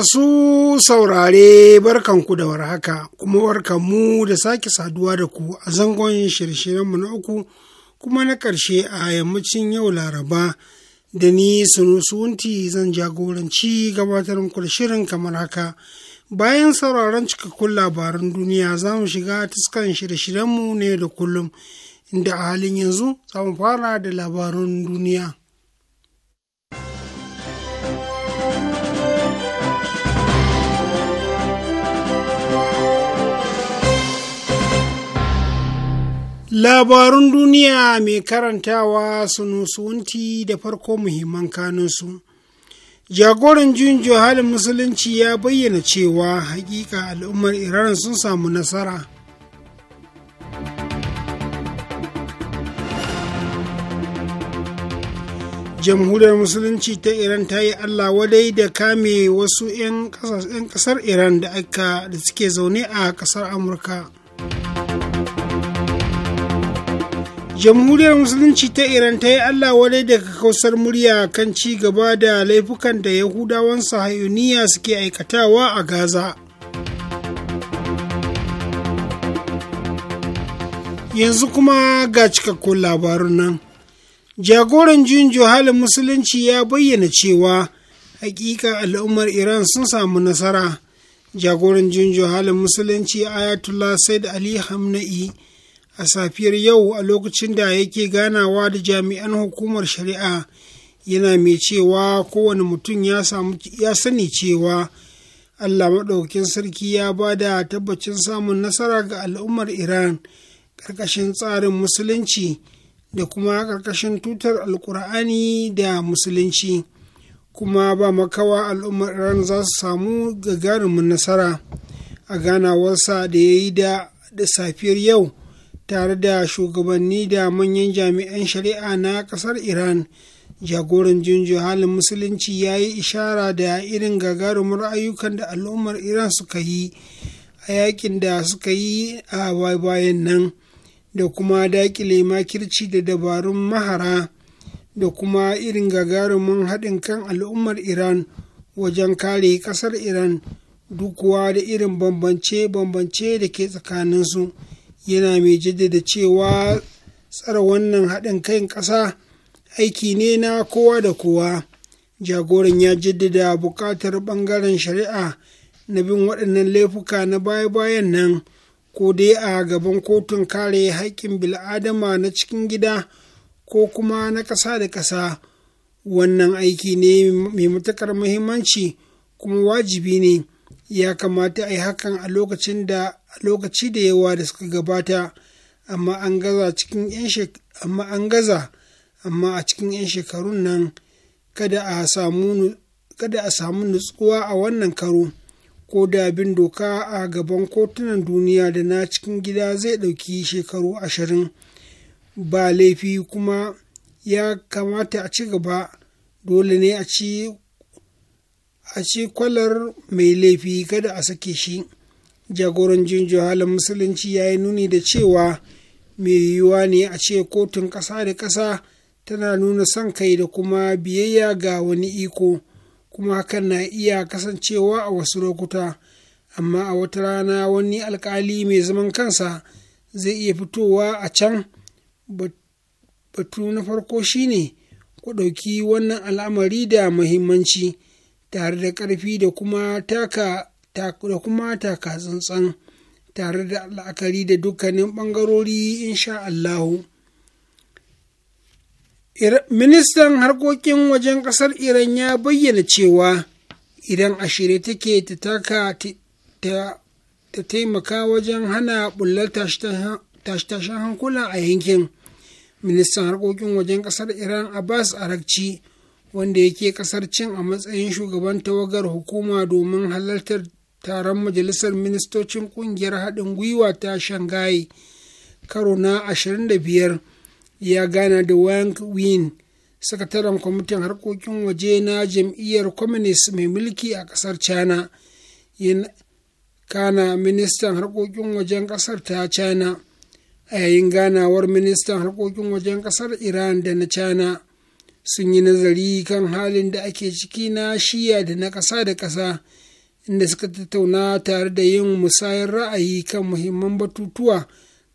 Masu saurare barkan ku da warhaka kuma warkan mu da sake saduwa da ku a zangon shirye-shiryenmu na uku kuma na ƙarshe a yammacin yau Laraba da ni sunusunti zan jagoranci gabatar muku da shirin kamar haka. Bayan sauraron cikakkun labaran duniya za mu shiga tuskan shirye-shiryenmu ne da kullum inda a halin yanzu za mu fara da labaran duniya. Labarun duniya mai karantawa sunusunti da farko muhimman kanunsu. Jagoran jin halin musulunci ya bayyana cewa hakika al'ummar Iran sun samu nasara. Jamhuriyar Musulunci ta Iran ta yi Allah wadai da kame wasu ‘yan ƙasar Iran da suke zaune a ƙasar Amurka. jamhuriyar musulunci ta iran ta yi allah wadai daga kausar murya kan ci gaba da laifukan da yahudawan sahayuniya suke aikatawa a gaza yanzu kuma ga cikakkun labarun nan jagoran juyin johalin musulunci ya bayyana cewa hakika al'ummar iran sun samu nasara jagoran juyin johalin musulunci ayatollah said ali hamna'i a safiyar yau a lokacin da yake ganawa da jami'an hukumar shari'a yana mai cewa kowane mutum ya sani cewa allah maɗaukin sarki ya ba da tabbacin samun nasara ga al'ummar iran ƙarƙashin tsarin musulunci da kuma ƙarƙashin tutar al'ƙur'ani da musulunci kuma ba makawa al'ummar iran za su samu gagarumin nasara a ganawarsa da ya yi da safiyar yau tare da shugabanni da manyan jami'an shari'a na ƙasar iran jagoran junjo halin musulunci ya yi ishara da irin gagarumar ayyukan da al'ummar iran suka yi a yakin da suka yi a bayan nan da kuma dakile makirci da dabarun mahara da kuma irin gagarumin haɗin kan al'ummar iran wajen kare ƙasar iran duk kuwa da irin bambance-bambance da ke tsakaninsu. yana mai jaddada cewa tsara wannan haɗin kan ƙasa aiki ne na kowa da kowa jagoran ya jaddada buƙatar ɓangaren shari'a na bin waɗannan laifuka na baya-bayan nan ko dai a gaban kotun kare haƙƙin bil'adama na cikin gida ko kuma na ƙasa da ƙasa wannan aiki ne mai matuƙar muhimmanci kuma wajibi ne ya kamata a yi hakan a lokacin da a lokaci da yawa da suka gabata amma an gaza cikin amma an gaza amma a cikin 'yan shekarun nan kada a samu nutsuwa a wannan karo ko da bin doka a gaban kotunan duniya da na cikin gida zai ɗauki shekaru ashirin ba laifi kuma ya kamata a ci gaba dole ne a ci a ci kwalar mai laifi kada a sake shi jagoran jinjo halin musulunci ya yi nuni da cewa mai yiwuwa ne a ce kotun ƙasa da ƙasa tana nuna son kai da kuma biyayya ga wani iko kuma hakan na iya kasancewa a wasu lokuta amma a wata rana wani alkali mai zaman kansa zai iya fitowa a can batu na farko shine ku ɗauki wannan al'amari da muhimmanci tare da ƙarfi da kuma taka da kuma taka tsantsan tare da la'akari da dukkanin ɓangarori insha Allahu. Ministan harkokin wajen ƙasar Iran ya bayyana cewa idan a shirye take ta taka ta taimaka wajen hana bullar tashe-tashen hankula a yankin. Ministan harkokin wajen ƙasar Iran Abbas Arakci wanda yake ƙasar cin a matsayin shugaban tawagar hukuma domin halartar taron majalisar ministocin kungiyar haɗin gwiwa ta shanghai karo na 25 ya gana da wang win sakataren kwamitin harkokin waje na jam'iyyar communist mai mulki a ƙasar china kana ministan harkokin wajen ƙasar ta china a yayin ganawar ministan harkokin wajen ƙasar iran da na china sun yi nazari kan halin da ake ciki na shiya da na ƙasa da ƙasa inda suka tattauna tare da yin musayar ra'ayi kan muhimman batutuwa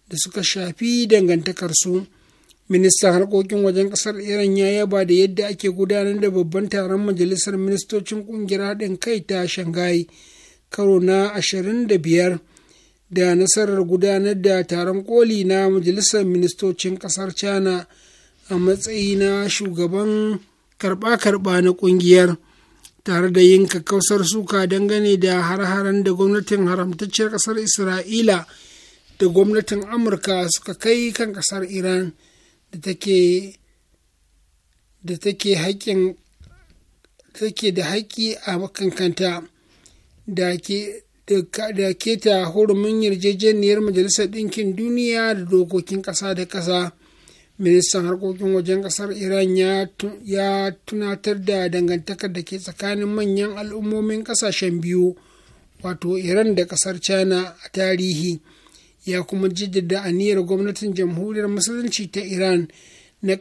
da suka shafi dangantakarsu ministan harkokin wajen kasar iran ya yaba da yadda ake gudanar da babban taron majalisar ministocin kungiyar haɗin kai ta shanghai karo na 25 da nasarar gudanar da taron koli na majalisar ministocin kasar china a matsayi na shugaban karɓa-karɓa na ƙungiyar tare da yin kakkausar suka dangane da har-haren da gwamnatin haramtacciyar ƙasar isra'ila da gwamnatin amurka suka kai kan ƙasar iran da take da da haƙƙi a makankanta da ke da keta hurumin yarjejeniyar majalisar ɗinkin duniya da dokokin ƙasa da ƙasa ministan harkokin wajen kasar iran ya tunatar da dangantakar da ke tsakanin manyan al'ummomin kasashen biyu wato iran da kasar china a tarihi ya kuma jaddada aniyar gwamnatin jamhuriyar musulunci ta iran na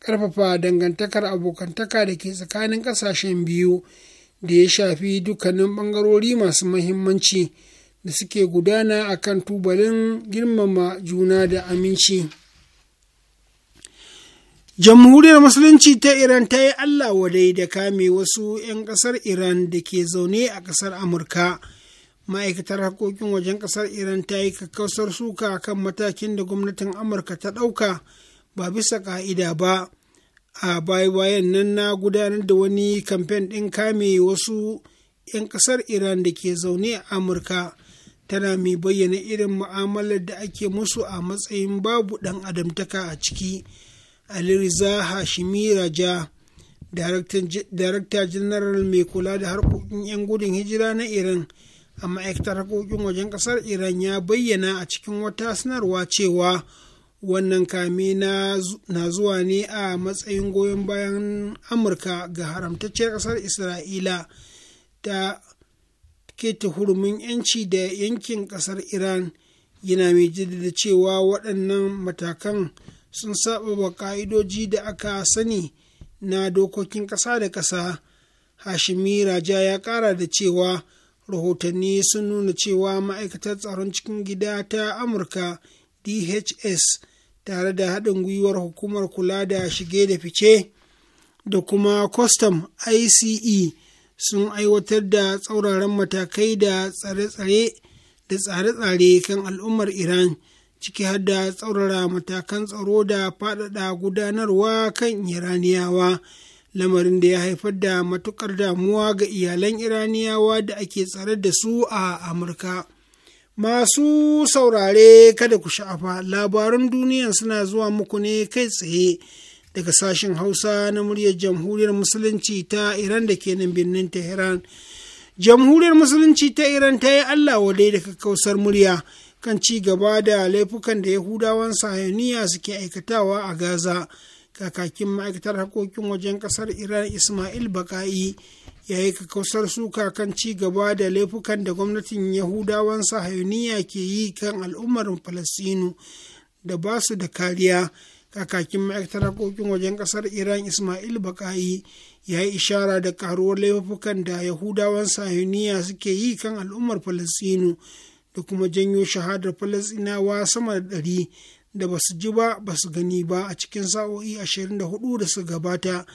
karfafa dangantakar abokantaka da ke tsakanin kasashen biyu da ya shafi dukkanin bangarori masu mahimmanci da suke gudana a kan tubalin girmama juna da aminci. Jamhuriyar Musulunci ta Iran ta yi Allah wadai da kame wasu ‘yan ƙasar Iran da ke zaune a ƙasar Amurka. Ma'aikatar harkokin wajen ƙasar Iran ta yi kakkausar suka kan matakin da gwamnatin Amurka ta ɗauka ba bisa ƙa'ida ba. A baya-bayan nan na gudanar da wani kamfen ɗin kame wasu ‘yan ƙasar Iran da ke zaune a Amurka. Tana mai bayyana irin mu'amalar da ake musu a matsayin babu ɗan adamtaka a ciki. aliriza hashimi raja darakta janaral mai kula da harkokin 'yan gudun hijira na iran a ma'aikatar harkokin wajen kasar iran ya bayyana a cikin wata sanarwa cewa wannan kame na zuwa ne a matsayin goyon bayan amurka ga haramtacciyar kasar isra'ila ta keta hurumin 'yanci da yankin kasar iran yana mai jaddada cewa waɗannan matakan sun saba wa ka'idoji da aka sani na dokokin ƙasa da ƙasa hashimi raja ya ƙara da cewa rahotanni sun nuna cewa ma'aikatar tsaron cikin gida ta amurka dhs tare da haɗin gwiwar hukumar kula da shige da fice da kuma custom ice sun aiwatar da tsauraran matakai da tsare da tsare-tsare kan al'ummar iran ciki har da tsaurara matakan tsaro da faɗaɗa gudanarwa kan iraniyawa lamarin da ya haifar da matukar damuwa ga iyalan iraniyawa da ake tsare da su a amurka masu saurare kada ku sha'afa labarun duniya suna zuwa muku ne kai tsaye daga sashen hausa na muryar jamhuriyar musulunci ta iran da ke nan birnin tehran jamhuriyar musulunci ta iran ta yi allah wadai daga kausar murya kan ci gaba da laifukan da yahudawan sayaniya suke aikatawa a gaza kakakin ma'aikatar haƙoƙin wajen ƙasar iran ismail baka'i ya yi kakausar suka kan ci gaba da laifukan da gwamnatin yahudawan sahayuniya ke yi kan al'ummar falastinu da ba su da kariya kakakin ma'aikatar haƙoƙin wajen ƙasar iran ismail baka'i ya yi ishara da karuwar laifukan da yahudawan sahayuniya suke yi kan al'ummar falastinu da kuma janyo shahadar falasinawa sama da ɗari da ba su ji ba ba su gani ba a cikin sa'o'i 24 da su gabata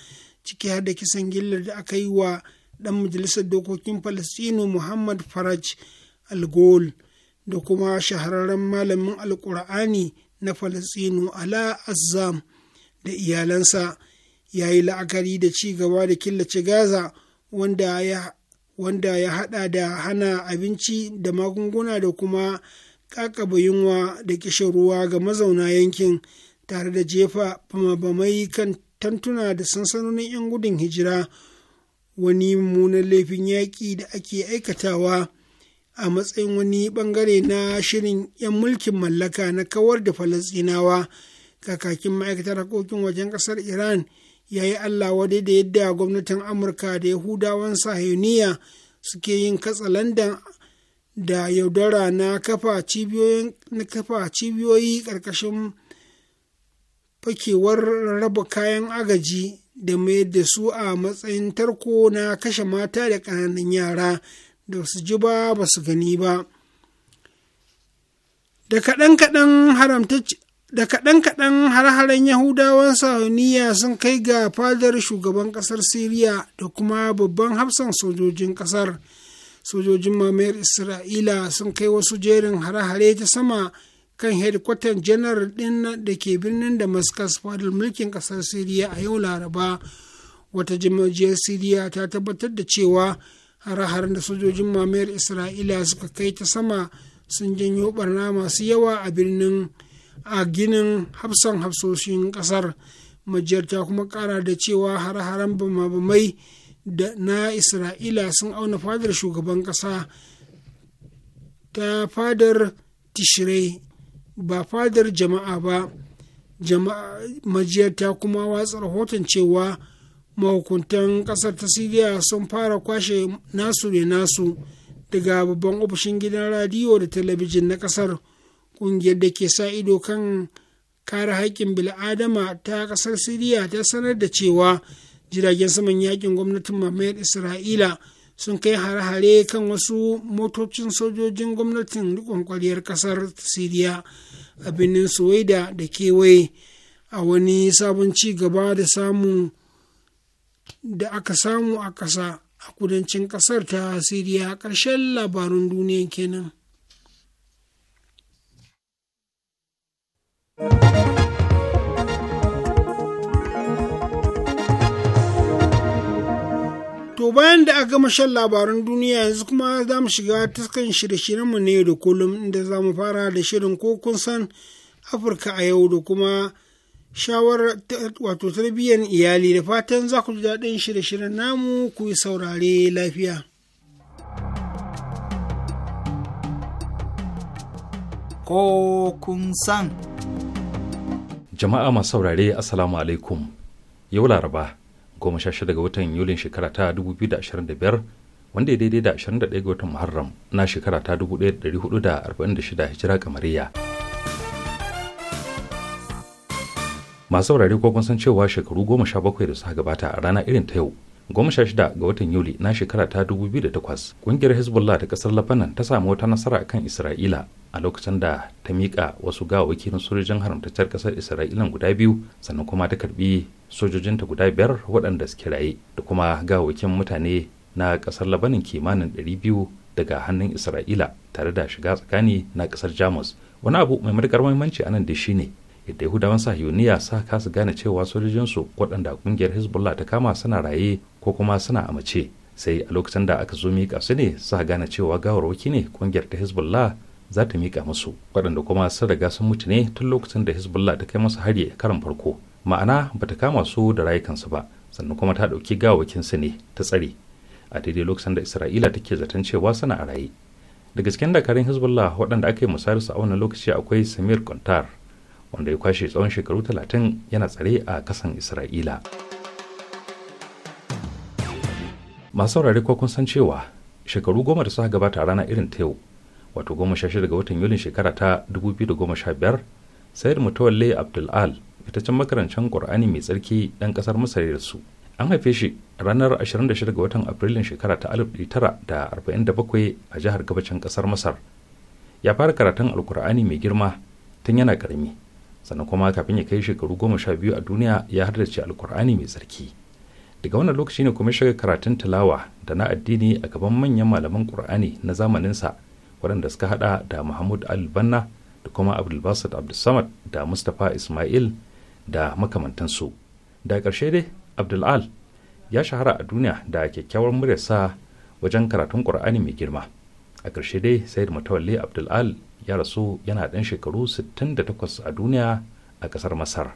ciki har da kisan gillar da aka yi wa ɗan majalisar dokokin falasino muhammad faraj algol da kuma shahararren malamin alkur'ani na falasino ala azam da iyalansa ya yi la'akari da ci gaba da killace gaza wanda ya wanda ya hada da hana abinci da magunguna da kuma kakaba yunwa da kishin ruwa ga mazauna yankin tare da jefa bamabamai kan tantuna da sansanonin 'yan gudun hijira wani mummunan laifin yaƙi da ake aikatawa a matsayin wani ɓangare na shirin 'yan mulkin mallaka na kawar da falasɗinawa kakakin ma'aikatar harkokin wajen ƙasar iran ya yi allah wadai da yadda gwamnatin amurka da yahudawan sahiyoniya suke yin katsalandan da yaudara na kafa cibiyoyi ƙarƙashin fakewar raba kayan agaji da mayar da su a matsayin tarko na kashe mata da ƙananan yara da su ji ba ba su gani ba da kaɗan-kaɗan da kaɗan-kaɗan har-haren yahudawan sauniya sun kai ga fadar shugaban ƙasar siriya da kuma babban hafsan sojojin ƙasar sojojin mamayar isra'ila sun kai wasu jerin har-hare ta sama kan hedkwatan janar ɗin da ke birnin damascus fadar mulkin ƙasar siriya a yau laraba wata jimajiyar siriya ta tabbatar da cewa har-haren da sojojin mamayar isra'ila suka kai ta sama sun janyo barna masu yawa a birnin a ginin hafsan hafsoshin kasar majiyar ta kuma kara da cewa har-haren bamabamai da na isra'ila sun auna fadar shugaban kasa ta fadar tishirai ba fadar jama'a ba majiyar ta kuma watsa rahoton cewa mahukuntan kasar ta siriya sun fara kwashe nasu ne nasu daga babban ofishin gidan radiyo da talabijin na kasar ƙungiyar da ke sa ido kan kare haƙƙin bil'adama ta ƙasar siriya ta sanar da cewa jiragen saman yaƙin gwamnatin mamayar isra'ila sun kai hare-hare kan wasu motocin sojojin gwamnatin rikon kwaliyar ƙasar siriya a birnin suwaida da kewaye a wani sabon ci gaba da samu da aka samu a ƙasa a kudancin ƙasar ta siriya ƙarshen labarun duniya kenan. bayan da aka gama shan labaran duniya yanzu kuma za mu shiga taskan shirye-shiryenmu ne da kullum inda za mu fara da shirin ko kun san Afirka a yau da kuma shawarar wato tarbiyyar iyali da fatan za ku ji daɗin shirye-shiryen namu ku yi saurare lafiya. Ko kun san. Jama'a masu saurare asalamu alaikum. Yau Laraba goma sha shida ga watan yulin shekara ta 2025 wanda ya daidai da 21 ga watan muharram na shekara ta 1446 hijira kamariya masu saurare ko kun san cewa shekaru goma sha bakwai da suka gabata a rana irin ta yau goma sha shida ga watan yuli na shekara ta 2008 kungiyar hezbollah ta kasar labanan ta samu wata nasara kan isra'ila a lokacin da ta miƙa wasu gawawwaki na sojojin haramtacciyar kasar isra'ila guda biyu sannan kuma ta karbi sojojinta guda biyar waɗanda suke raye da kuma gawawwakin mutane na kasar labanan kimanin 200 daga hannun isra'ila tare da shiga tsakani na kasar jamus wani abu mai matuƙar muhimmanci a nan da ne. yadda yahudawan sahiyuniya sa kasu gane cewa sojojinsu waɗanda ƙungiyar hezbollah ta kama suna raye ko kuma suna a mace sai a lokacin da aka zo miƙa su ne sa gane cewa gawarwaki ne ƙungiyar ta hezbollah za ta miƙa musu waɗanda kuma sun riga sun mutu ne tun lokacin da hezbollah ta kai masa hari a karon farko ma'ana bata kama su da rayukansu ba sannan kuma ta ɗauki gawakin su ne ta tsare a daidai lokacin da isra'ila take zaton cewa suna a raye daga cikin dakarun hezbollah waɗanda aka yi su a wannan lokaci akwai samir kontar wanda ya kwashe tsawon shekaru 30 yana tsare a kasan isra'ila masu saurare ko kun san cewa shekaru goma da suka gabata a rana irin ta yau wato goma sha shida ga watan yulin shekara ta 2015 sayar mutawalle abdul al fitaccen makarancin qur'ani mai tsarki ɗan ƙasar masar da su an haife shi ranar 26 ga watan afrilun shekara ta 1947 a jihar gabacin ƙasar masar ya fara karatun alkur'ani mai girma tun yana ƙarami sannan kuma kafin ya kai shekaru goma sha biyu a duniya ya haddace alkur'ani mai tsarki daga wannan lokaci ne kuma shiga karatun talawa da na addini a gaban manyan malaman qur'ani na zamaninsa waɗanda suka hada da muhammad al-banna da kuma abdulbasir abdulsamad da mustapha ismail da makamantansu da ƙarshe dai abdulal ya shahara a duniya da kyakkyawar muryarsa wajen karatun qur'ani mai girma a ƙarshe dai sayyid matawalle abdulal ya rasu yana ɗan shekaru 68 a duniya a ƙasar masar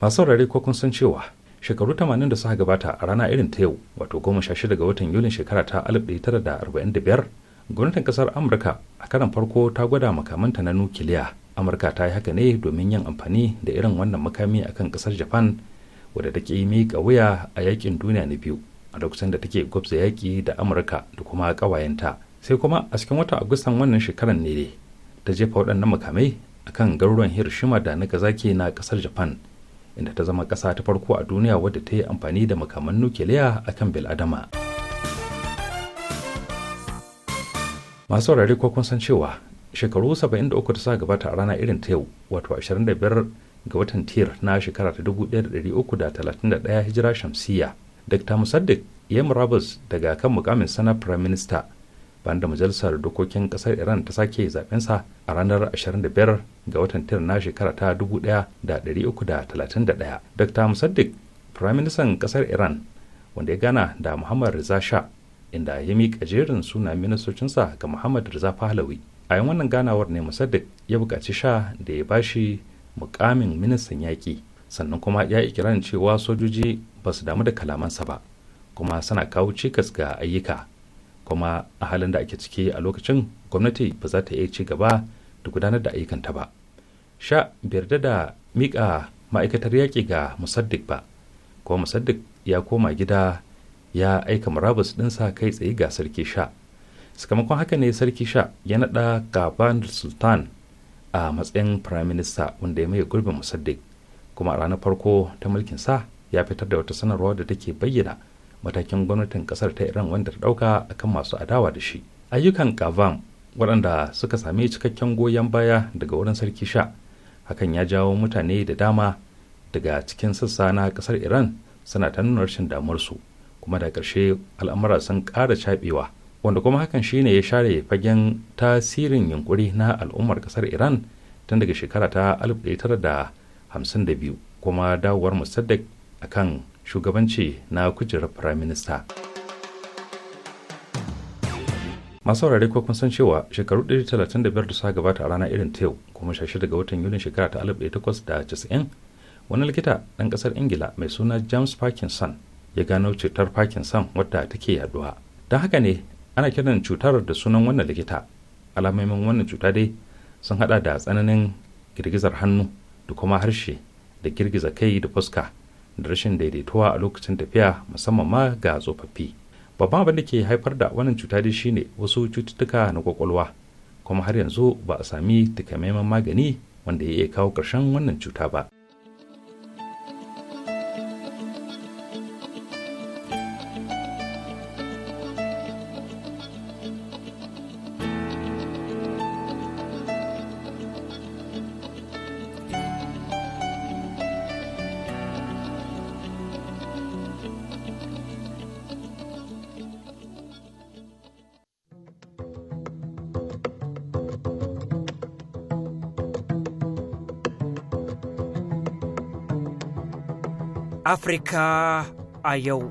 masu rari ko kun san cewa shekaru 80 da suka gabata a rana irin ta yau wato 16 ga watan yulin shekara ta 1945 gwamnatin ƙasar amurka a karan farko ta gwada makamanta na nukiliya amurka ta yi haka ne domin yin amfani da irin wannan makami akan ƙasar japan wadda take mai wuya a yakin duniya na biyu a lokacin da take gwabza yaƙi da amurka da kuma ƙawayenta sai kuma a cikin watan agustan wannan shekarar ne ta jefa waɗannan makamai akan garuruwan hiroshima da nagasaki na ƙasar japan inda ta zama ƙasa ta farko a duniya wadda ta yi amfani da makaman nukiliya a kan bil'adama masu saurare ko kun san cewa shekaru 73 da sa gabata a rana irin ta yau wato 25 ga watan tir na shekara ta 1331 hijira shamsiyya dr musaddiq ya murabus daga kan mukamin sana prime minister bayan da majalisar dokokin kasar iran ta sake zaɓensa a ranar 25 ga watan tir na shekara ta 1331 dr musaddik firaministan kasar iran wanda ya gana da muhammad riza sha inda ya miƙa jerin suna ministocinsa ga muhammad riza pahlawi a yin wannan ganawar ne musaddik ya buƙaci sha da ya ba shi mukamin ministan yaƙi sannan kuma ya kiran cewa sojoji ba su damu da kalamansa ba kuma suna kawo cikas ga ayyuka kuma a halin da ake ciki a lokacin gwamnati ba za ta iya ci gaba da gudanar da ayyukanta ba sha bai yarda da miƙa ma'aikatar yaƙi ga musaddik ba kuma musaddik ya koma gida ya aika murabus ɗinsa kai tsaye ga sarki sha sakamakon haka ne sarki sha ya naɗa gaban sultan a matsayin firaminista wanda ya maye gurbin musaddik kuma a ranar farko ta mulkin sa ya fitar da wata sanarwa da take bayyana matakin gwamnatin kasar ta iran wanda ta dauka akan masu adawa da shi ayyukan kavam waɗanda suka sami cikakken goyon baya daga wurin sarki sha hakan ya jawo mutane da dama daga cikin sassa na kasar iran suna ta nuna rashin su kuma da ƙarshe al'amura sun ƙara caɓewa wanda kuma hakan shine ya share fagen tasirin yunkuri na al'ummar kasar iran tun daga shekara ta 1952 kuma dawowar musaddak akan shugabanci na kujerar firaminista masu saurare ko kun san cewa shekaru 135 da suka gabata a rana irin ta kuma 16 ga watan yulin shekara ta 1890 wani likita ɗan ƙasar ingila mai suna james parkinson ya gano cutar parkinson wadda take yaduwa don haka ne ana kiran cutar da sunan wannan likita alamomin wannan cuta dai sun hada da tsananin girgizar hannu da kuma harshe da girgiza kai da fuska da rashin daidaituwa a lokacin tafiya musamman ma ga tsofaffi babban abin da ke haifar da wannan cuta dai shine wasu cututtuka na kwakwalwa kuma har yanzu ba a sami takamaiman magani wanda ya iya kawo ƙarshen wannan cuta ba Afirka a yau.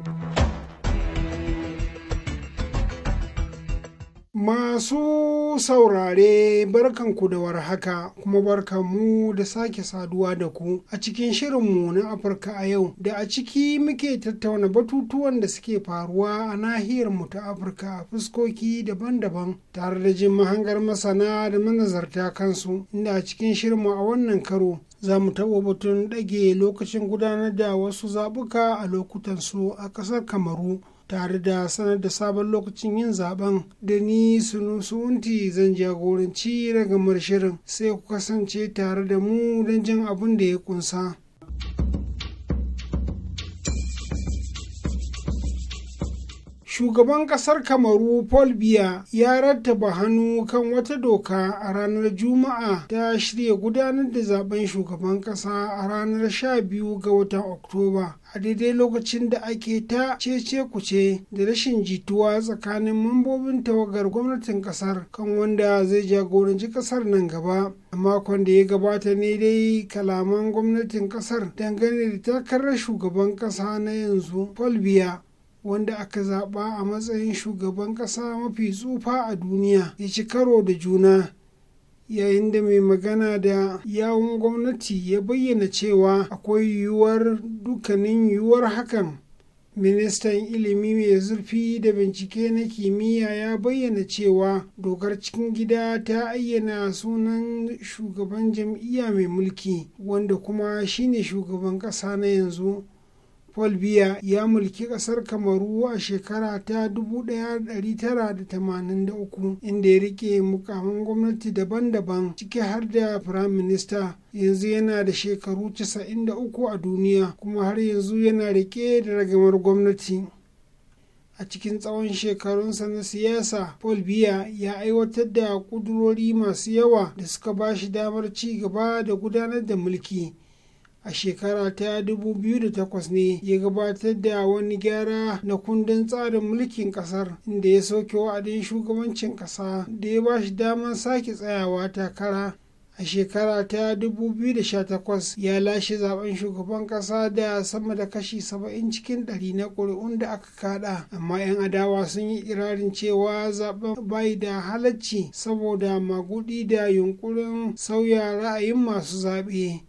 Masu saurare barkanku da warhaka kuma barkanmu da sake saduwa da ku a cikin shirinmu na Afirka a yau da a ciki muke tattauna batutuwan da suke faruwa a nahiyar mu ta Afirka a fuskoki daban-daban tare da jin mahangar masana da manazarta kansu inda a cikin shirinmu a wannan karo za mu taɓa batun ɗage lokacin gudanar da wasu zaɓuka a lokutan su a ƙasar kamaru tare da sanar da sabon lokacin yin zaben da ni sunusunti zan jagoranci ragamar shirin sai ku kasance tare da mu don jin abin da ya kunsa. shugaban kasar kamaru paul biya ya rattaba hannu kan wata doka a ranar juma'a ta shirya gudanar da zaben shugaban kasa a ranar 12 ga watan oktoba a daidai lokacin da ake ta cece kuce da rashin jituwa tsakanin mambobin tawagar gwamnatin kasar kan wanda zai jagoranci kasar nan gaba a makon da ya gabata ne dai kalaman gwamnatin kasar dangane da takarar shugaban kasa na yanzu paul biya wanda aka zaɓa a matsayin shugaban ƙasa mafi tsufa a duniya ya ci karo da juna yayin da mai magana da yawon gwamnati ya bayyana cewa akwai yiwuwar dukkanin yiwuwar hakan ministan ilimi mai zurfi da bincike na kimiyya ya bayyana cewa dokar cikin gida ta ayyana sunan shugaban jam'iyya mai mulki wanda kuma shine shugaban ƙasa na yanzu paul biya ya mulki kasar kamaru a shekara ta 1983 inda ya rike mukamin gwamnati daban-daban ciki har da firayim minista yanzu yana da shekaru 93 a duniya kuma har yanzu yana rike da ragamar gwamnati a cikin tsawon shekarunsa na siyasa paul biya ya aiwatar da kudurori masu yawa da suka ba shi damar ci gaba da gudanar da mulki a shekara ta 2008 ne ya gabatar da wani gyara na kundin tsarin mulkin kasar inda ya soke wa'adin shugabancin kasa da ya ba shi damar sake tsayawa takara a shekara ta 2018 ya lashe zaben shugaban kasa da sama da kashi 70 cikin 100 na ƙuri'un da aka kada amma 'yan adawa sun yi irarin cewa zaben bai da halacci saboda magudi da yunkurin sauya ra'ayin masu zaɓe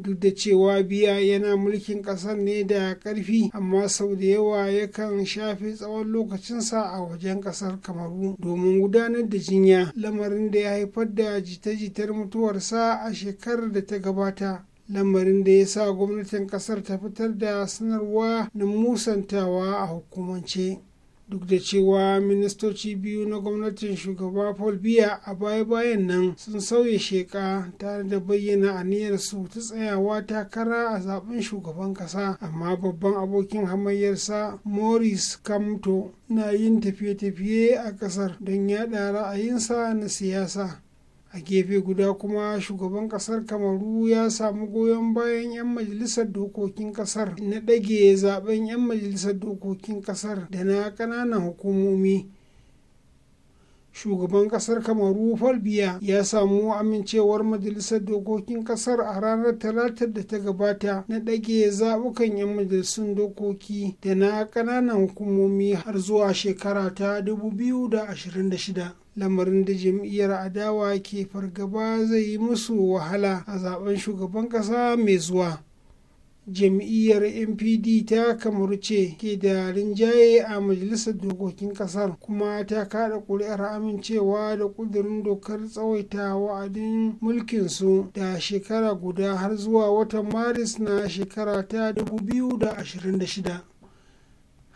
duk da cewa biya yana mulkin ƙasar ne da ƙarfi amma sau da yawa yakan shafe tsawon lokacinsa a wajen ƙasar kamaru domin gudanar da jinya lamarin da ya haifar da jita-jitar mutuwarsa a shekarar da ta gabata lamarin da ya sa gwamnatin ƙasar ta fitar da sanarwa na musantawa a hukumance duk da cewa ministoci biyu na gwamnatin shugaba paul biya a baya-bayan nan sun sauya sheka tare da bayyana aniyarsu ta tsayawa takara a zaben shugaban kasa amma babban abokin hamayyarsa morris kamto na yin tafiye-tafiye a kasar don yada ra'ayinsa na siyasa a gefe guda kuma shugaban kasar kamaru ya samu goyon bayan 'yan majalisar dokokin kasar na ɗage zaben 'yan majalisar dokokin kasar da na ƙananan hukumomi shugaban kasar kamaru falbiya ya samu amincewar majalisar dokokin kasar a ranar talatar da ta gabata na ɗage zaɓukan 'yan majalisun dokoki da na ƙananan hukumomi har zuwa shekara ta 2026 lamarin da jam'iyyar adawa ke fargaba zai yi musu wahala a zaben shugaban ƙasa mai zuwa jam'iyyar npd ta kamar ke da rinjaye a majalisar dokokin kasar kuma ta kada kuri'ar amincewa da kudurin dokar tsawaita wa'adin mulkinsu da shekara guda har zuwa watan maris na shekara ta 2026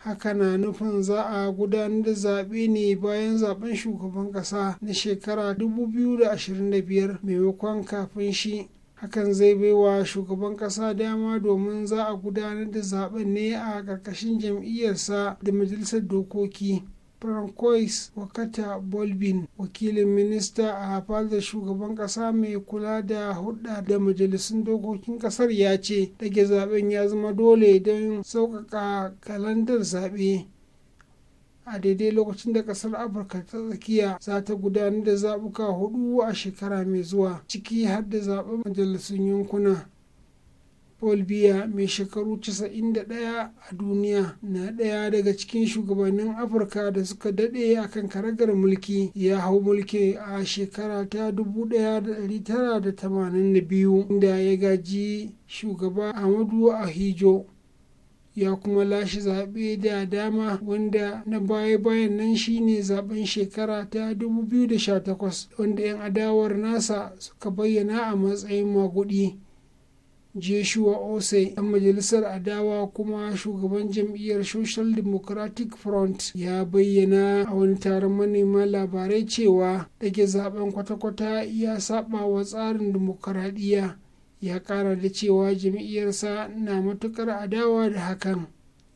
haka na nufin za a gudanar da zaɓe ne bayan zaben shugaban ƙasa na shekara 2025 maimakon kafin shi hakan zai baiwa shugaban ƙasa dama domin za a gudanar da zaben ne a ƙarƙashin jam'iyyarsa da majalisar dokoki francois wakata bolbin wakilin minista a fadar shugaban kasa mai kula da hudda da majalisun dokokin kasar ya ce dage zaben ya zama dole don sauƙaƙa kalandar zaɓe a daidai lokacin da kasar afirka ta tsakiya za ta gudanar da zaɓuka hudu a shekara mai zuwa ciki har da zaɓen majalisun yankuna olbia mai shekaru 91 a duniya na ɗaya daga cikin shugabannin afirka da suka daɗe a kan karagar mulki ya hau mulki a shekara ta 1982 inda ya gaji shugaba amadu ahijo ya kuma lashe zaɓe da dama wanda na baya-bayan nan shine zaben shekara ta 2018 wanda 'yan adawar nasa suka bayyana a matsayin magudi Joshua Ose ɗan majalisar adawa kuma shugaban jam'iyyar Social Democratic Front ya bayyana a wani taron manema labarai cewa ɗage zaben kwata-kwata ya saba wa tsarin dimokuraɗiyya ya ƙara da cewa jam'iyyarsa na matuƙar adawa da hakan.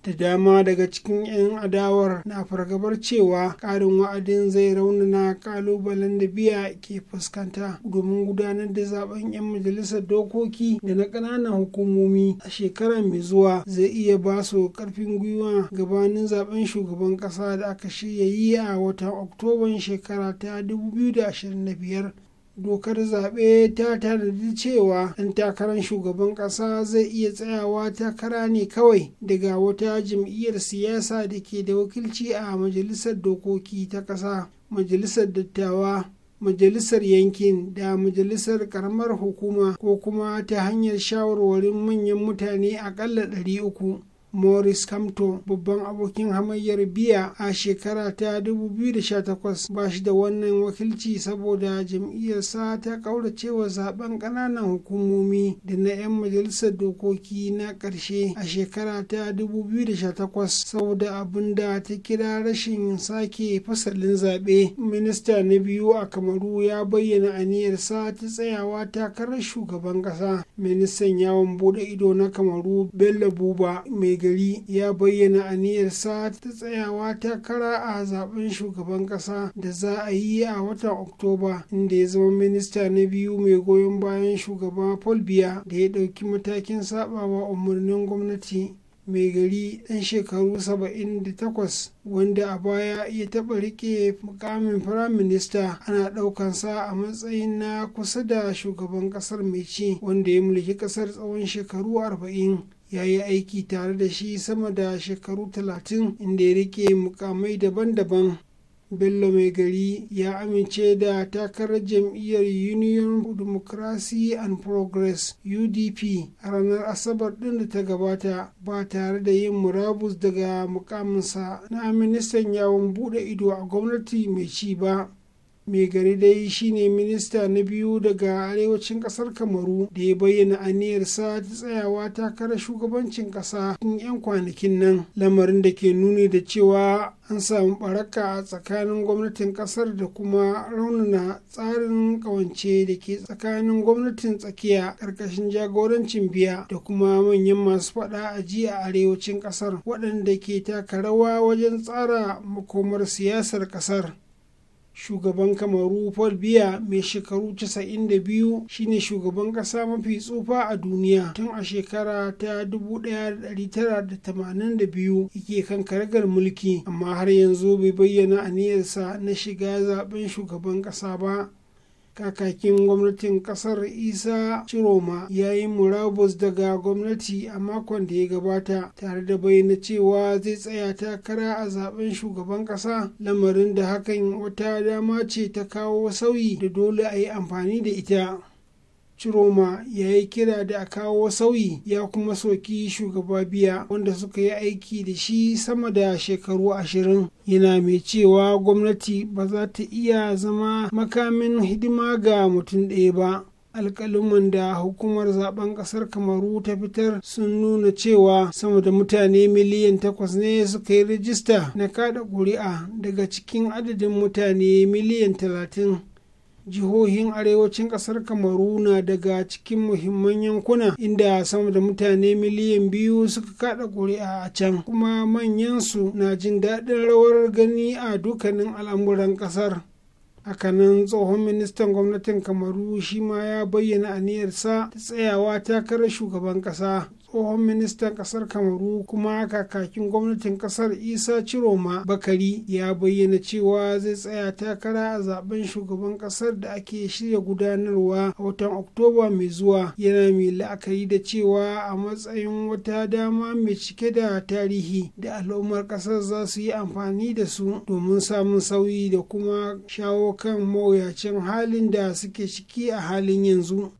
da dama daga cikin 'yan adawar na fargabar cewa ƙarin wa'adin zai raunana ƙalubalen da biya ke fuskanta domin gudanar da zaben 'yan majalisar dokoki da na ƙananan hukumomi a shekara mai zuwa zai iya ba su ƙarfin gwiwa gabanin zaben shugaban ƙasa da aka shirya yi a watan oktoban shekara ta 2025 dokar zaɓe ta tanadi cewa ɗan takarar shugaban ƙasa zai iya tsayawa takara ne kawai daga wata jam'iyyar siyasa da ke da wakilci a majalisar dokoki ta ƙasa majalisar dattawa majalisar yankin da majalisar karamar hukuma ko kuma ta hanyar shawarwarin manyan mutane akalla uku. Morris Kamto babban abokin hamayyar biya a shekara ta 2018 ba shi da wannan wakilci saboda jam'iyyarsa ta kauracewa zaben ƙananan hukumomi da na 'yan majalisar dokoki na ƙarshe a shekara ta 2018 saboda abin da ta kira rashin sake fasalin zaɓe. Minista na biyu a Kamaru ya bayyana aniyarsa ta tsayawa takarar shugaban ƙasa. Ministan yawon buɗe ido na Kamaru Bello Buba mai gari ya bayyana aniyarsa ta tsayawa takara a zaben shugaban kasa da za a yi a watan oktoba inda ya zama minista na biyu mai goyon bayan shugaban paul biya da ya ɗauki matakin saɓawa umarnin gwamnati mai gari dan shekaru 78 wanda a baya ya taɓa rike mukamin firaminista ana ɗaukansa a matsayin na kusa da shugaban ƙasar mai ci wanda ya mulki ƙasar tsawon shekaru 40 ya yi aiki tare da shi sama da shekaru talatin inda ya rike mukamai daban-daban bello mai gari ya amince da takarar jam'iyyar union democracy and progress udp a ranar asabar din da ta gabata ba tare da yin murabus daga mukaminsa na ministan yawon bude ido a gwamnati mai ci ba Mai gari dai shine minista na biyu daga arewacin kasar kamaru da ya bayyana aniyarsa ta tsayawa takarar shugabancin kasa in 'yan kwanakin nan lamarin da ke nuni da cewa an samu baraka a tsakanin gwamnatin kasar da kuma raunana tsarin kawance da ke tsakanin gwamnatin tsakiya karkashin jagorancin biya da kuma manyan masu fada a jiya a arewacin kasar waɗanda ke taka rawa wajen tsara makomar siyasar kasar shugaban kamaru paul biya mai shekaru 92 shine shugaban kasa mafi tsufa a duniya tun a shekara ta 1982 yake kan karagar mulki amma har yanzu bai bayyana aniyarsa na shiga zaben shugaban kasa ba kakakin gwamnatin kasar isa Shiroma ya yi murabus daga gwamnati a makon da ya gabata tare da bayyana cewa zai tsaya takara a zaben shugaban kasa lamarin da hakan wata dama ce ta kawo sauyi da dole a yi amfani da ita Ciroma ya yi kira da a kawo sauyi ya kuma soki shugaba biya wanda suka yi aiki da shi sama da shekaru ashirin yana mai cewa gwamnati ba za ta iya zama makamin hidima ga mutum ɗaya ba alƙaluman da hukumar zaben ƙasar kamaru ta fitar sun nuna cewa sama da mutane miliyan takwas ne suka yi rijista na kada ƙuri'a daga cikin adadin mutane miliyan talatin jihohin arewacin ƙasar kamaru na daga cikin muhimman yankuna inda sama da mutane miliyan biyu suka kaɗa ƙuri'a a can kuma manyansu na jin daɗin rawar gani a dukkanin al'amuran kasar hakanan tsohon ministan gwamnatin kamaru shi ma ya bayyana aniyarsa ta tsayawa takarar shugaban ƙasa. tsohon ministan kasar kamaru kuma kakakin gwamnatin kasar isa ciroma bakari ya bayyana cewa zai tsaya takara a zaben shugaban kasar da ake shirya gudanarwa a watan oktoba mai zuwa yana mai la'akari da cewa a matsayin wata dama mai cike da tarihi da al'ummar kasar za su yi amfani da su domin samun sauyi da kuma shawo kan mawuyacin halin da suke ciki a halin yanzu.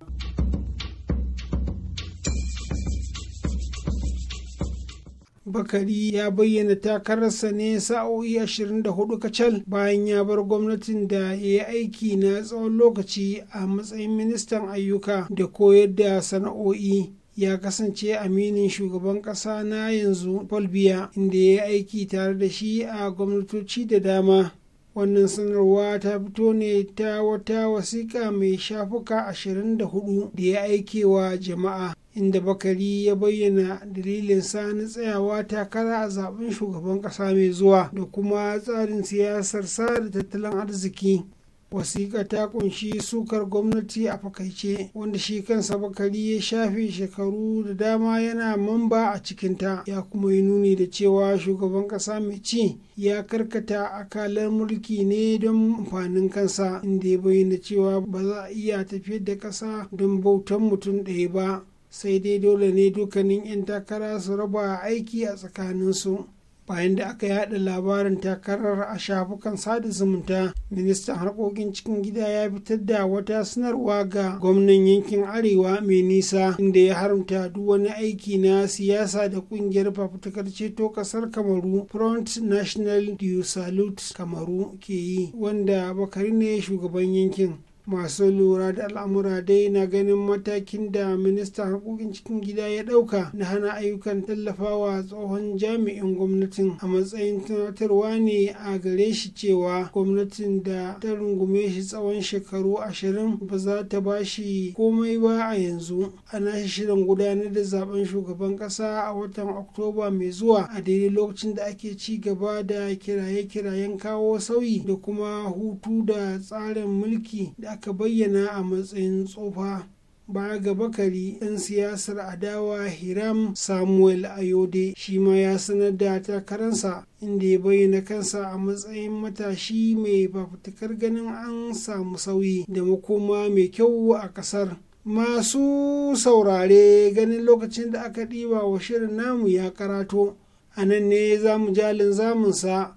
bakari ya bayyana takararsa ne sa'o'i 24 kacal bayan ya bar gwamnatin da ya yi aiki na tsawon lokaci a matsayin ministan ayyuka da koyar da sana'o'i ya kasance aminin shugaban kasa na yanzu paul inda ya yi aiki tare da shi a gwamnatoci da dama wannan sanarwa ta fito ne ta wata wasiƙa mai shafuka 24 da ya aike wa jama'a inda bakari ya bayyana dalilinsa na tsayawa takara a zaben shugaban kasa mai zuwa da kuma tsarin siyasarsa da tattalin arziki wasiƙa ta kunshi sukar gwamnati a fakaice wanda shi kansa bakari ya shafe shekaru da dama yana mamba a cikinta ya kuma yi nuni da cewa shugaban ƙasa mai ci ya karkata akalar mulki ne don amfanin kansa inda ya bayyana cewa ba za a iya tafiyar da ƙasa don bautan mutum ɗaya ba sai dai dole ne dukkanin 'yan takara su raba aiki a tsakaninsu bayan da aka yada labarin takarar a shafukan sada zumunta ministan harkokin cikin gida ya fitar da wata sanarwa ga gwamnan yankin arewa mai nisa inda ya haramta duk wani aiki na siyasa da kungiyar fafutukar ceto kasar kamaru front national du salute kamaru ke yi wanda bakari ne shugaban yankin masu lura da al'amura dai na ganin matakin da minista harkokin cikin gida ya dauka na hana ayyukan tallafawa tsohon jami'in gwamnatin a matsayin tunatarwa ne a gare shi cewa gwamnatin da ta rungume shi tsawon shekaru ashirin ba za ta ba shi komai ba a yanzu ana shirin gudanar da zaben shugaban kasa a watan oktoba mai zuwa a daidai lokacin da ake ci gaba da kiraye-kirayen kawo sauyi da kuma hutu da tsarin mulki da aka bayyana a matsayin tsofa ba ga bakari ɗan siyasar adawa hiram samuel ayode shi ma ya sanar da takararsa inda ya bayyana kansa a matsayin matashi mai fafutukar ganin an samu sauyi da makoma mai kyau a ƙasar masu saurare ganin lokacin da aka ɗiba wa shirin namu ya karato a nan ne za mu jalin zamunsa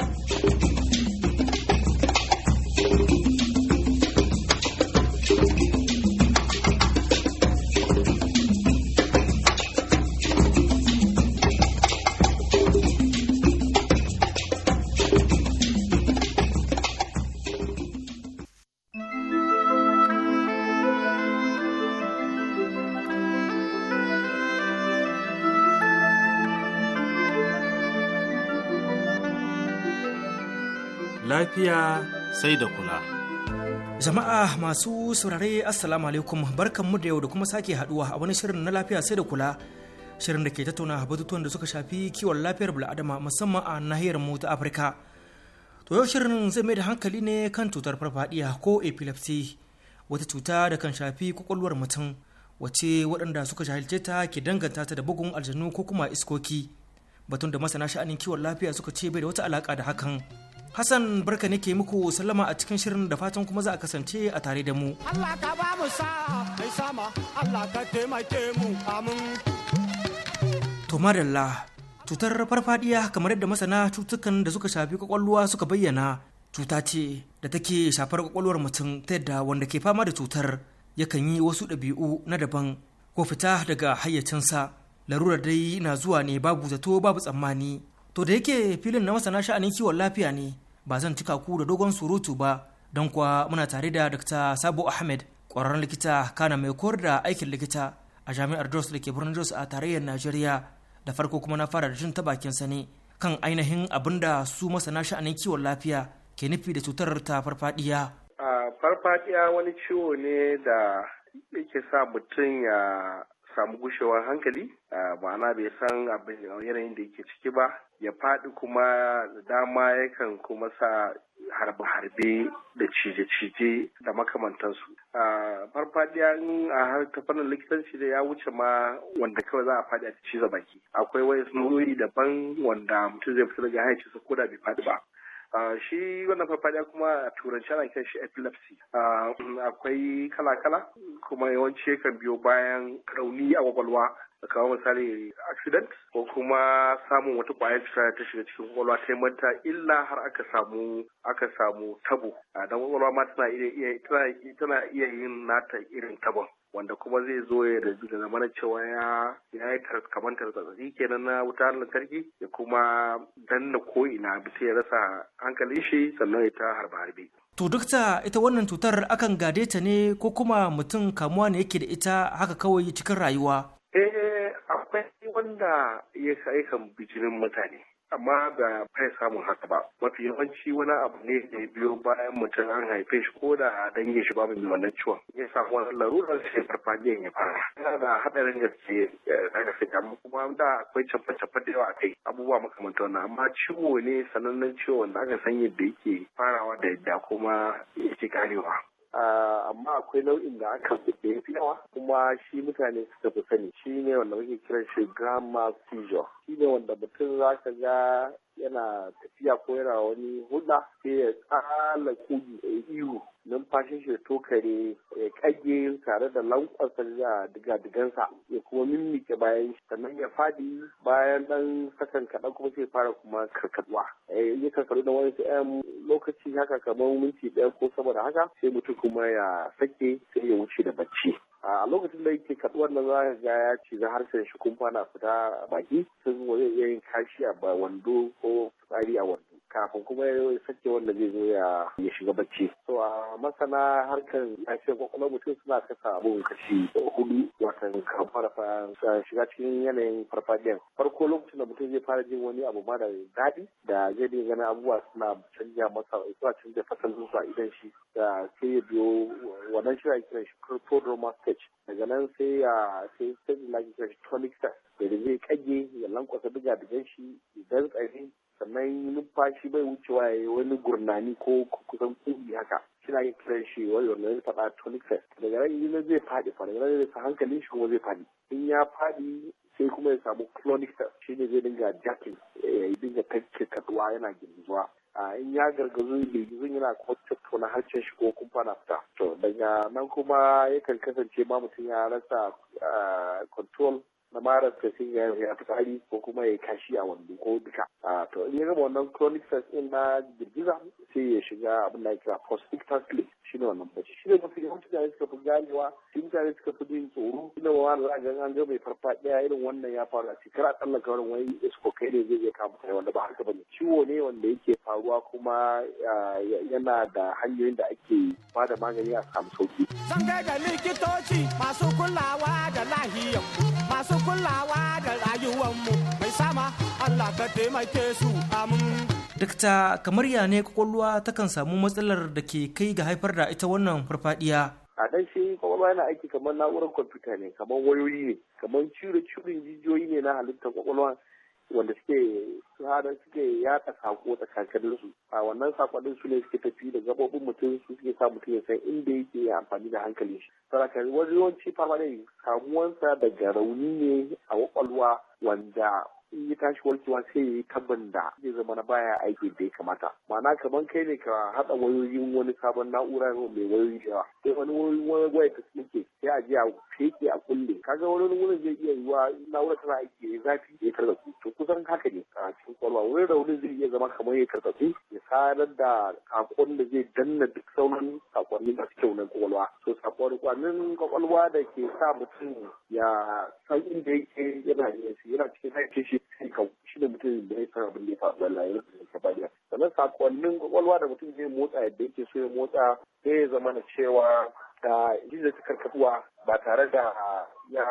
lafiya sai da kula. Jama'a masu saurare Assalamu alaikum mu da yau da kuma sake haduwa a wani shirin na lafiya sai da kula. Shirin da ke tattauna batutuwan da suka shafi kiwon lafiyar bil'adama musamman a nahiyar mu ta Afirka. To yau shirin zai mai da hankali ne kan cutar farfadiya ko epilepsy wata cuta da kan shafi kwakwalwar mutum wace waɗanda suka jahilce ta ke danganta ta da bugun aljanu ko kuma iskoki. batun da masana sha'anin kiwon lafiya suka ce bai da wata alaka da hakan Hassan barka ke muku sallama a cikin shirin da fatan kuma za a kasance a tare da mu. Allah ka ba mu mai sama Allah ka taimake mu amin. To madalla cutar farfadiya kamar yadda masana cutukan da suka shafi kwakwalwa suka bayyana cuta ce da take shafar kwakwalwar mutum ta yadda wanda ke fama da cutar yakan yi wasu ɗabi'u na daban ko fita daga hayyacinsa larurar dai na zuwa ne babu zato babu tsammani to da yake filin na masana sha'anin kiwon lafiya ne ba zan cika ku da dogon surutu ba don kuwa muna tare da dr sabo ahmed ƙwararren likita kana mai koyar da aikin likita a jami'ar jos da ke birnin jos a tarayyar najeriya da farko kuma na fara da jin ta bakin sani kan ainihin abin da su masana sha'anin kiwon lafiya ke nufi da cutar ta farfadiya farfadiya wani ciwo ne da yake sa mutum ya samu gushewar hankali ma'ana bai san abin yanayin da yake ciki ba ya faɗi kuma dama yakan kuma sa harbe-harbe da cije-cije da makamantansu farfadiya a har ta fannin likitanci da ya wuce ma wanda kawai za a faɗi a ciza baki akwai wani sunuri daban wanda mutum zai fita daga haici su koda bai faɗi ba shi wannan farfadiya kuma a turanci ana kiran shi epilepsy akwai kala-kala kuma yawanci yakan biyo bayan rauni a kwakwalwa kamar misali accident ko kuma samun wata kwayar cuta ta shiga cikin kwakwalwa ta manta illa har aka samu aka samu tabo dan kwakwalwa ma tana iya yin nata irin tabon wanda kuma zai zo ya da na cewa ya ya yi kamar tarzatsatsi kenan na wutar lantarki ya kuma danna ko ina bisa ya rasa hankali shi sannan ya ta harba harbe To dukta ita wannan cutar akan gade ta ne ko kuma mutum kamuwa ne yake da ita haka kawai cikin rayuwa? Eh akwai wanda ya kan bijirin mutane amma ba fai samun haka ba mafi yawanci wani abu ne da ya biyo bayan mutum an haife shi ko da a dangin shi babu wannan ciwon ya samu wani larurar sai farfajiyan ya fara yana da haɗarin ke eh, daga fita amma kuma da akwai cafa-cafa da yawa a kai abubuwa makamantar wannan amma ciwo ne sanannen ciwo da aka san yadda yake farawa da yadda kuma yake karewa Ah, amma akwai nau'in da aka da fi yawa kuma shi mutane suka fi sani shi ne wanda muke kiran shi grandma seizure shi ne wanda mutum za ka ga yana tafiya ko yana wani hulɗa sai ya tsala kugi ihu numfashin shi tokare ya kage tare da lankwasa da diga-digansa ya kuma mimmike bayan shi sannan ya fadi bayan dan sakan kaɗan kuma sai fara kuma karkarwa eh, ya karkaru da wani yan lokaci haka kamar minti ɗaya ko saboda haka sai mutum kuma ya sake sai ya wuce da bacci a lokacin da yake kaduwar nan za ga ya ci za harshen shi kuma na fita baki sun zai iya yin kashi a wando ko tsari a wando kafin kuma ya sake wanda zai zo ya shiga bacci so a masana harkar lafiyar kwakwalwar mutum suna kasa abun kashi hudu watan farfa shiga cikin yanayin farfadiyan farko lokacin da mutum zai fara jin wani abu ma da daɗi da zai dinga ganin abubuwa suna canja masa zuwa canja fasal zuwa idan shi da sai ya biyo wannan shi ake kiran shi prodromal stage daga nan sai ya sai sai na kiran shi tonic stage da zai kage ya lankwasa diga digan shi idan tsari sannan numfashi bai wucewa ya yi wani gurnani ko kusan kubi haka shi na yin kiran shi wani zai faɗa tonic fest daga nan yi zai faɗi fa daga zai sa hankalin shi kuma zai faɗi in ya faɗi sai kuma ya samu clonic fest shi ne zai dinga jakin eh, ya yi dinga tanke kaduwa yana girgizuwa a in ya gargazu girgizun yana kuma tattauna harshen shi ko kumfa na fita to daga nan kuma yakan kasance ma mutum ya rasa eh, control na marar ta sai ya yi fitsari ko kuma ya kashi a wando ko duka a to in ya gama wannan chronic stress din na girgiza sai ya shiga abin da kira post-ictal sleep shi ne wannan bacci shi ne mafi yawanci da suka fi ganewa shi mutane suka fi jin tsoro shi ne wani za a ga an ga mai farfaɗiya irin wannan ya faru a cikin a tsallaka wani wani isko kai ne zai iya kama kai wanda ba haka ne ciwo ne wanda yake faruwa kuma yana da hanyoyin da ake ba da magani a samu sauki. Zan kai da likitoci masu kulawa da lahiya masu kulawa da rayuwanmu mai sama Allah ka taimake su amin. Dakta kamar ya ne kwakwalwa takan samu matsalar da ke kai ga haifar da ita wannan farfadiya. A dan shi kwakwalwa yana aiki kamar na'urar kwamfuta ne, kamar wayoyi ne, kamar cire cirin jijiyoyi ne na halittar kwakwalwa wanda suke hada suke yada sako tsakankanin su a wannan sakonin su ne suke tafi da gabobin mutum su suke sa mutum ya san inda yake ya amfani da hankali shi saboda wani yawanci fama ne samuwansa daga rauni ne a kwakwalwa wanda in ya tashi warkewa sai ya yi tabban da zai zama na baya aiki da ya kamata ma'ana kamar kai ne ka haɗa wayoyin wani sabon na'ura mai wayoyi da yawa sai wani wani waya ta suke sai a ji a feke a kulle kaga wani wurin zai iya yiwa na'ura tana aiki ya zafi ya tarzaku to kusan haka ne a cikin kwalwa wani raunin zai iya zama kamar ya tarzaku ya sadar da kakon da zai danna duk sauran sakonni masu kyau na kwakwalwa so sakonnin kwakwalwa da ke sa mutum ya san inda yake yana yana cikin haifin shi kai ka shi da mutum da ya san abin da ya faru da ya rasa sannan sakonnin kwakwalwa da mutum zai motsa yadda yake so ya motsa sai ya zama na cewa da jin da karkatuwa ba tare da ya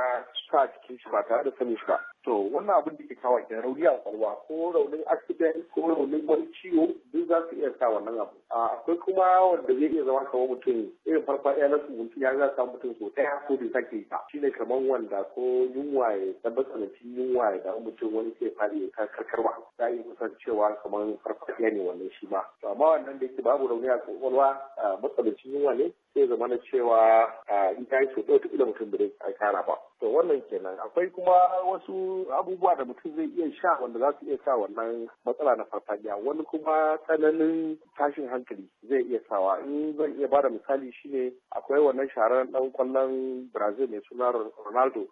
sa cikin shi ba tare da sani shi ba to wannan abin da ke kawo ke rauni a kwalwa ko raunin accident ko raunin wani ciwo duk za su iya sa wannan abu akwai kuma wanda zai iya zama kamar mutum irin farfaɗiya na su mutum ya za samu mutum sosai ɗaya ko bai sake ba shine kamar wanda ko yunwa ya tabbas sanatun yunwa ya damu mutum wani ke fari ya karkarwa za a yi kusan cewa kamar farfaɗiya ne wannan shi ma to amma wannan da yake babu rauni a kwakwalwa matsalacin yunwa ne sai zama na cewa in ta yi sosai wata ta mutum bai kara ba to wannan kenan akwai kuma wasu abubuwa da mutum zai iya sha wanda za su iya sa wannan matsala na farfajiya wani kuma tsananin tashin hankali zai iya sawa in zan iya bada misali shine akwai wannan shahararren dan kwallon brazil mai suna ronaldo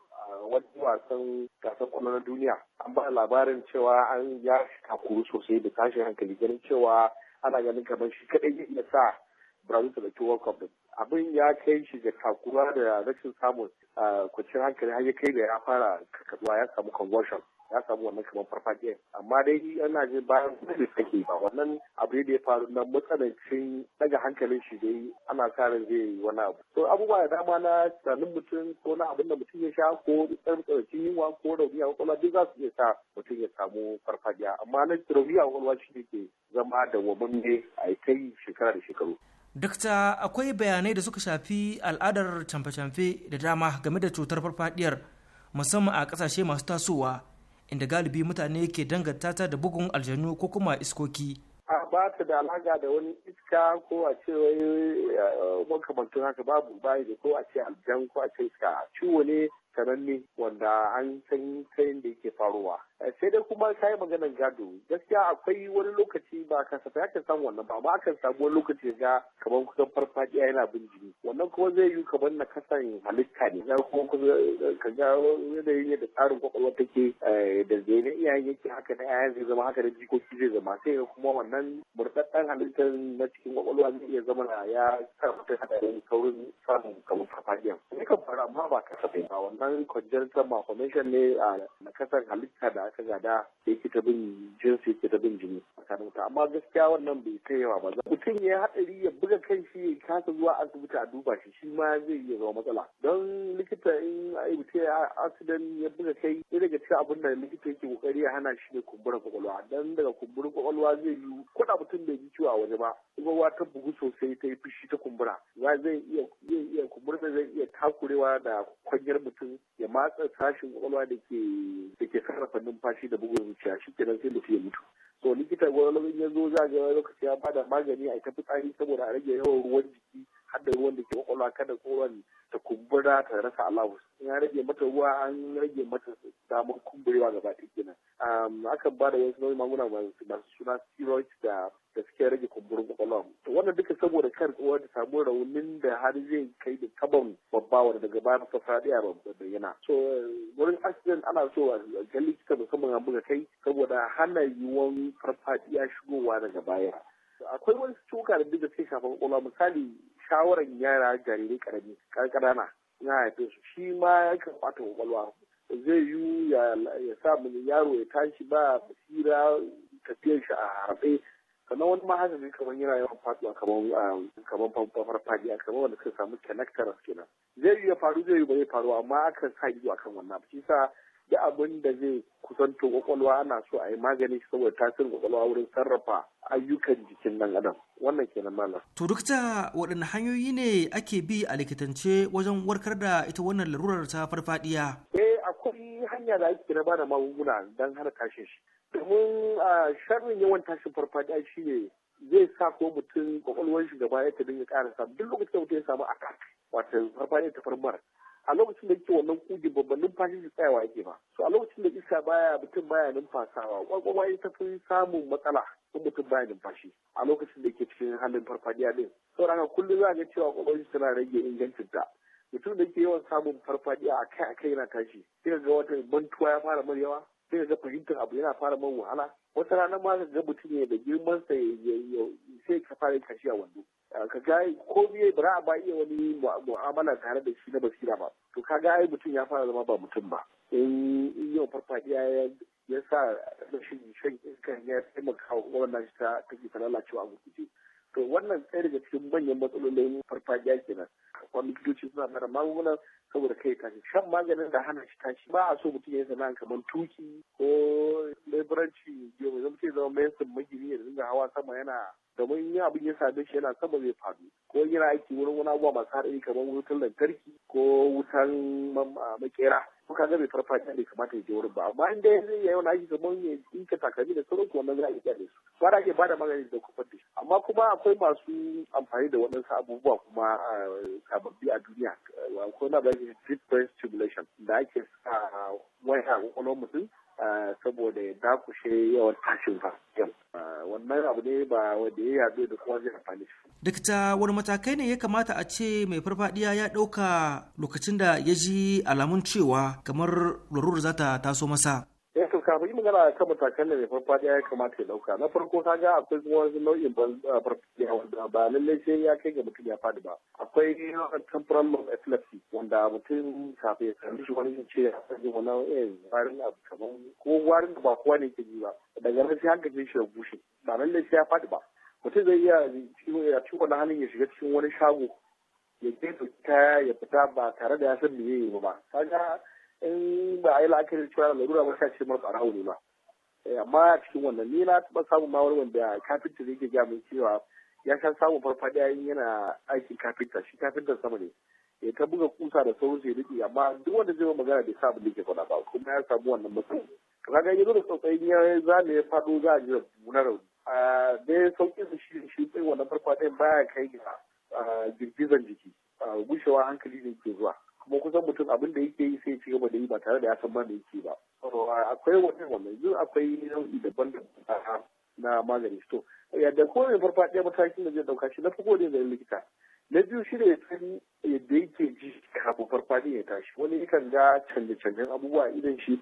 wani wasan gasar kwallo na duniya an ba labarin cewa an ya takuru sosai da tashin hankali ganin cewa ana ganin kamar shi kadai zai iya sa brazil ta dauki world cup abin ya kai shi ga takura da rashin samun kwacin hankali har ya kai da ya fara kakaduwa ya samu convulsion ya samu wannan kamar farfajiyar amma dai ana jin bayan zai sake ba wannan abu da ya faru na matsanancin daga hankalin shi dai ana sa zai yi wani abu to abubuwa da dama na tunanin mutum ko na abin da mutum ya sha ko tsarkakacin yunwa ko rauni a kwakwalwa duk za su iya sa mutum ya samu farfajiya amma na rauni a kwakwalwa shi ne ke zama da wamamme a kai shekara da shekaru. dakta akwai bayanai da suka shafi al'adar camfe-camfe da dama game da cutar farfadiyar musamman a kasashe masu tasowa inda galibi mutane ke danganta ta da bugun aljanu ko kuma iskoki a ba ta da alaka da wani iska ko a ce makamantun haka babu bayi da ko a ce aljan ko a ce iska ciwo ne sananne wanda an san kayan da yake faruwa sai dai kuma ka yi maganar gado gaskiya akwai wani lokaci ba kasafai akan samu wannan ba amma akan samu wani lokaci ga kamar kusan farfadiya yana bin jini wannan kuma zai yi kamar na kasan halitta ne ya kuma ka ga yanayin yadda tsarin kwakwalwa take eh, da zai na iyayen yake haka na iyayen zai zama haka da jikoki zai zama sai ga kuma wannan murɗaɗɗen halittar na cikin kwakwalwa zai iya zama ya sa mutum haɗarin saurin samun kamar farfadiya. kan faru amma ba kasafai ba wannan congenital malformation ne a na kasan halitta da da ka gada yake ta bin jinsi yake ta bin jini tsakanin amma gaskiya wannan bai kai yawa ba mutum ya haɗari ya buga kan shi ya kasa zuwa asibiti a duba shi shi ma zai iya zama matsala don likita in mutum ya accident ya buga kai sai daga cikin abin da likita yake kokari ya hana shi ne kumburin kwakwalwa don daga kumburin kwakwalwa zai yi koda mutum bai ji ciwo a waje ba kwakwalwa ta bugu sosai ta yi fushi ta kumbura za zai iya zai iya kumburin zai iya takurewa da kwanyar mutum ya matsa sashin kwakwalwa da ke da ke sarrafa numfashi da bugun zuciya shi kenan sai mutum ya mutu so likita gwamnati ya zo za ga lokaci ya bada magani a ita fitsari saboda a rage yawan ruwan jiki har ruwan da ke kwakwalwa kada kowan ta kumbura ta rasa alawus in rage mata ruwa an rage mata damar kumburewa gaba ɗaya kenan akan ba da wasu nau'in magunguna masu suna steroids da da suke rage kumburin kwakwalwa to wannan duka saboda kar uwa ta samu raunin da har zai kai da tabon babba wanda daga baya ta fadiya ba bayyana so wurin accident ana so a ga likita musamman an buga kai saboda hana yiwuwar farfadiya shigowa daga baya akwai wani cuka da duka suke shafa kwakwalwa misali shawaran yara jarirai karami ƙanƙanana na haife su shi ma kan ɓata kwakwalwa zai yi ya sa yaro ya tashi ba basira tafiyar shi a harfe sannan wani mahazin kamar yana yawan a kamar um, kamar babbar fadi a kamar wanda suka samu connectors kenan zai yi ya faru zai yi ba zai faru amma akan sa ido akan wannan shi sa duk abin da zai kusanto kwakwalwa ana so a yi magani saboda tasirin kwakwalwa wurin sarrafa ayyukan jikin nan adam wannan kenan malam to duk ta waɗanne hanyoyi ne ake bi a likitance wajen warkar da ita wannan larurar ta farfadiya eh akwai hanya da ake na bada magunguna don hana tashin shi domin a sharrin yawan tashin farfadiya shi ne zai sa ko mutum kwakwalwar shi gaba ya ta dinga ƙara samu duk lokacin da mutum ya samu aka wato farfadiya ta farmar a lokacin da yake wannan kugin babban numfashi shi tsayawa yake ba so a lokacin da iska baya mutum baya numfasawa kwakwalwa ita fi samun matsala in mutum baya numfashi a lokacin da yake cikin halin farfadiya din saboda haka kullum za a ga cewa kwakwalwar shi tana rage ingancin ta mutum da ke yawan samun farfadiya akai-akai yana tashi sai ga wata mantuwa ya fara mar yawa sai ga fahimtar abu yana fara man wahala wata rana ma ga mutum ne da girman sa sai ka fara kashi a wando ah, ka ga ko biye ba a ba iya wani mu'amala tare da shi na basira ba to ka ga mutum ya fara zama ba mutum ba in yau farfadiya ya sa rashin shan iska ya taimaka wa wannan ta take ta lalacewa a gurguje to wannan ɗaya daga cikin manyan matsalolin farfajiya kenan wani likitoci suna mara magunguna saboda kai tashi shan maganin da hana shi tashi ba a so mutum ya sana'a kamar tuki ko leburanci yau mai zama zama mayasin magini ya dinga hawa sama yana domin yin abin ya same shi yana sama zai faɗi ko yana aiki wurin wani abuwa masu haɗari kamar wutan lantarki ko wutan um, makera kuka ga bai farfaɗi ne kamata ya je wurin ba amma in dai zai yayi wani aiki zaman ya dinka takalmi da sauransu wannan za a iya da su ba da ke da magani da kuka fadi amma kuma akwai masu amfani da waɗansu abubuwa kuma eh, sababbi a duniya akwai na bayan deep brain stimulation da ake sa eh, waya a kwakwalwar mutum saboda ya dakushe yawan tashin vaccine wannan abu ne ba wanda ya yaɗu da kuma zai amfani shi. Dakta wani matakai ne ya kamata a ce mai farfadiya ya ɗauka lokacin da ya ji alamun cewa kamar larurar za ta taso masa. eh to yi magana a kan matakan da mai farfadiya ya kamata ya dauka na farko ka ga akwai kuma wani nau'in ah, farfadiya wanda ba lallai sai ya kai ga mutum ya fadi ba akwai temporal lobe epilepsy wanda mutum kafin ya sami shi wani ce ya sami wani irin eh, warin abu kamar ko warin ba kowa ne ke ji ba daga nan sai hankalin shi ya bushe ba lallai sai ya fadi ba mutum zai iya ya ci wani halin ya shiga cikin wani shago ya je ta ya fita ba tare da ya san me ya yi ba ka ga in ba a yi la'akari cewa lalura ba sai ce mara tsarawo ne ba eh, amma a cikin wannan ni na taɓa samun ma wani wanda kafinta zai ke gaya min cewa ya sha samun farfaɗiya in yana aikin kafinta shi kafinta sama ne ya ta buga kusa da sauran sai riƙe amma duk wanda zai magana bai sa da ke faɗa ba kuma ya samu wannan matsayi to kaga yanzu da tsautsayin ya zame ya faɗo za a ji na rauni a dai sauƙin su shi shi tsaye wannan farfaɗiyan baya kai ga girgizan jiki gushewa hankali ne ke zuwa kuma kusan mutum abin da yake yi sai ci gaba da yi ba tare da ya san ma da yake ba oh, akwai wani wannan yanzu akwai nau'i daban da na magani to yadda kowane farfaɗiya matakin da zai ɗauka shi na farko ne da likita na biyu shi ne ya san yadda yake ji kafin farfaɗin ya tashi wani yakan ga canje-canjen abubuwa idan shi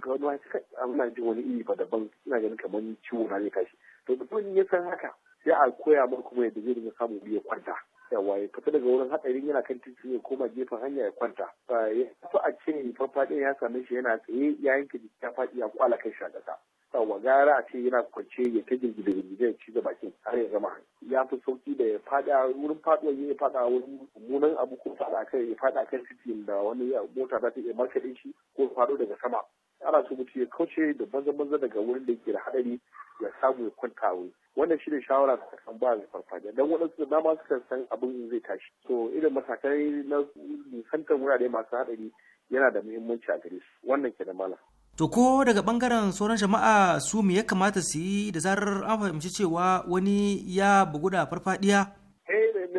ga wani wani ana ah, jin wani iri ba daban ina ganin kamar ciwo na ne tashi to mutum ya san haka sai a koya mun kuma yadda zai dinga samu biyan kwanta yawa ya fita daga wurin hatsarin yana kan titi ya koma gefen hanya ya kwanta ya fi a ce farfaɗin ya same shi yana tsaye ya yanke jiki ya faɗi ya kwala kai shi a ƙasa yawa gara a ce yana kwance ya ta girgida girgida ya ci da bakin har ya zama ya fi sauki da ya faɗa wurin faɗuwar ya faɗa wurin mummunan abu ko faɗa kai ya faɗa kan titi da wani mota za ta iya markaɗe shi ko faɗo daga sama ana so mutum ya kauce da banza banza daga wurin da yake da hadari ya samu ya kwanta a wuri wannan shi ne shawara da kan ba da farfajiya don waɗansu da dama suka san abin zai tashi so irin matakai na nisantar wurare masu hadari yana da muhimmanci a gare su wannan ke da mala. To ko daga bangaren sauran jama'a su me ya kamata su yi da zarar an fahimci cewa wani ya bugu da farfadiya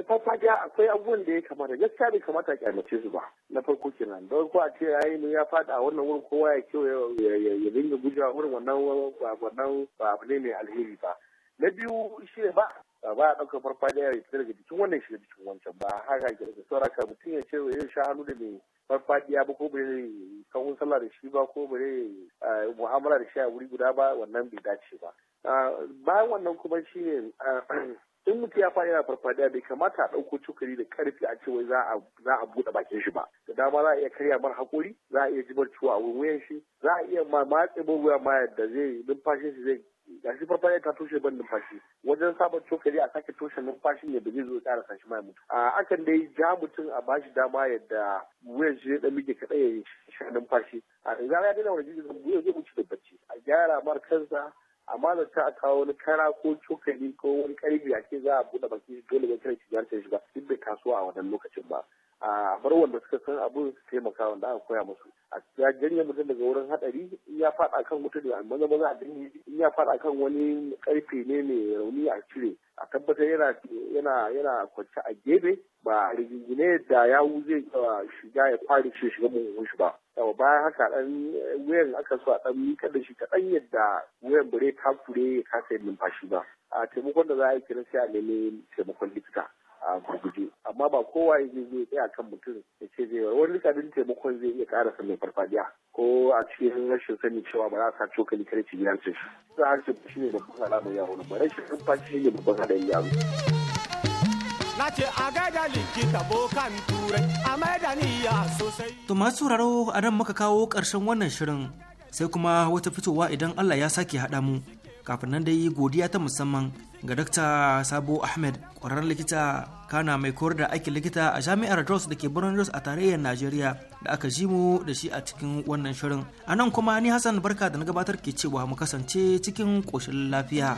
farfajiya akwai abubuwan da ya kamata gaskiya bai kamata a kyamace su ba na farko kenan da ko a ce yayi mu ya fada a wannan wurin kowa ya ke ya dinga gujewa wurin wannan wannan ba abu ne mai alheri ba na biyu shi ne ba ba a ɗaukar farfajiya ya fita daga jikin wannan shi jikin wancan ba haka ke daga ka mutum ya ce ya sha hannu da mai farfajiya ba ko bare kawun sallah da shi ba ko bare eh, mu'amala da shi a wuri guda ba wannan bai dace ba ah, bayan wannan kuma shi ne in mutum ya fara yana farfadiya bai kamata a ɗauko cokali da ƙarfi a ce wai za a buɗe bakin shi ba da dama za a iya karya mar haƙori za a iya jibar ciwo a wuyan shi za a iya ma matse wuya ma yadda zai numfashin shi zai shi farfadiya ta toshe ban numfashi wajen sabon cokali a sake toshe numfashin yadda zai zo ƙara sashi ma mutu a akan dai ja mutum a bashi dama yadda wuyan shi zai ɗan mike kaɗai ya sha numfashi a zara ya daina wani jirgin wuyan zai wuce da bacci a gyara mar kansa amma da ta kawo wani kara ko cokali ko wani karfi a ce za a buɗe baki dole ba kira shiga shi shiga duk da kasuwa a wannan lokacin ba a bar wanda suka san abin su taimaka wanda aka koya musu a ya janye mutum daga wurin hadari in ya faɗa kan mutum da maza maza a janye in ya faɗa kan wani karfe ne mai rauni a cire a tabbatar yana yana yana kwance a gefe ba rigingine da wu zai shiga ya kwari shi shiga mun shi ba yawa bayan haka dan wayan aka so a dan mika da shi kaɗan yadda wuyan bare ta fure ya kasa yin numfashi ba a taimakon da za a yi kira sai a nemi taimakon likita a gurguje amma ba kowa ya zai tsaya kan mutum ya ce zai wani likadin taimakon zai iya ƙara mai farfadiya ko a cikin rashin sani cewa ba za a sa cokali kare ci gidan cin za a ce shi ne babban alamar yaro ba rashin numfashi shi ne babban alamar yaro. na a gaida likita bokan turai a sosai. to masu sauraro a nan muka kawo ƙarshen wannan shirin sai kuma wata fitowa idan Allah ya sake haɗa mu kafin nan dai godiya ta musamman ga Dr. Sabo Ahmed, ƙwararren likita kana mai koyar da aikin likita a jami'ar Jos da ke birnin Jos a tarayyar Najeriya da aka ji mu da shi a cikin wannan shirin. A nan kuma ni Hassan Barka da na gabatar ke cewa mu kasance cikin ƙoshin lafiya.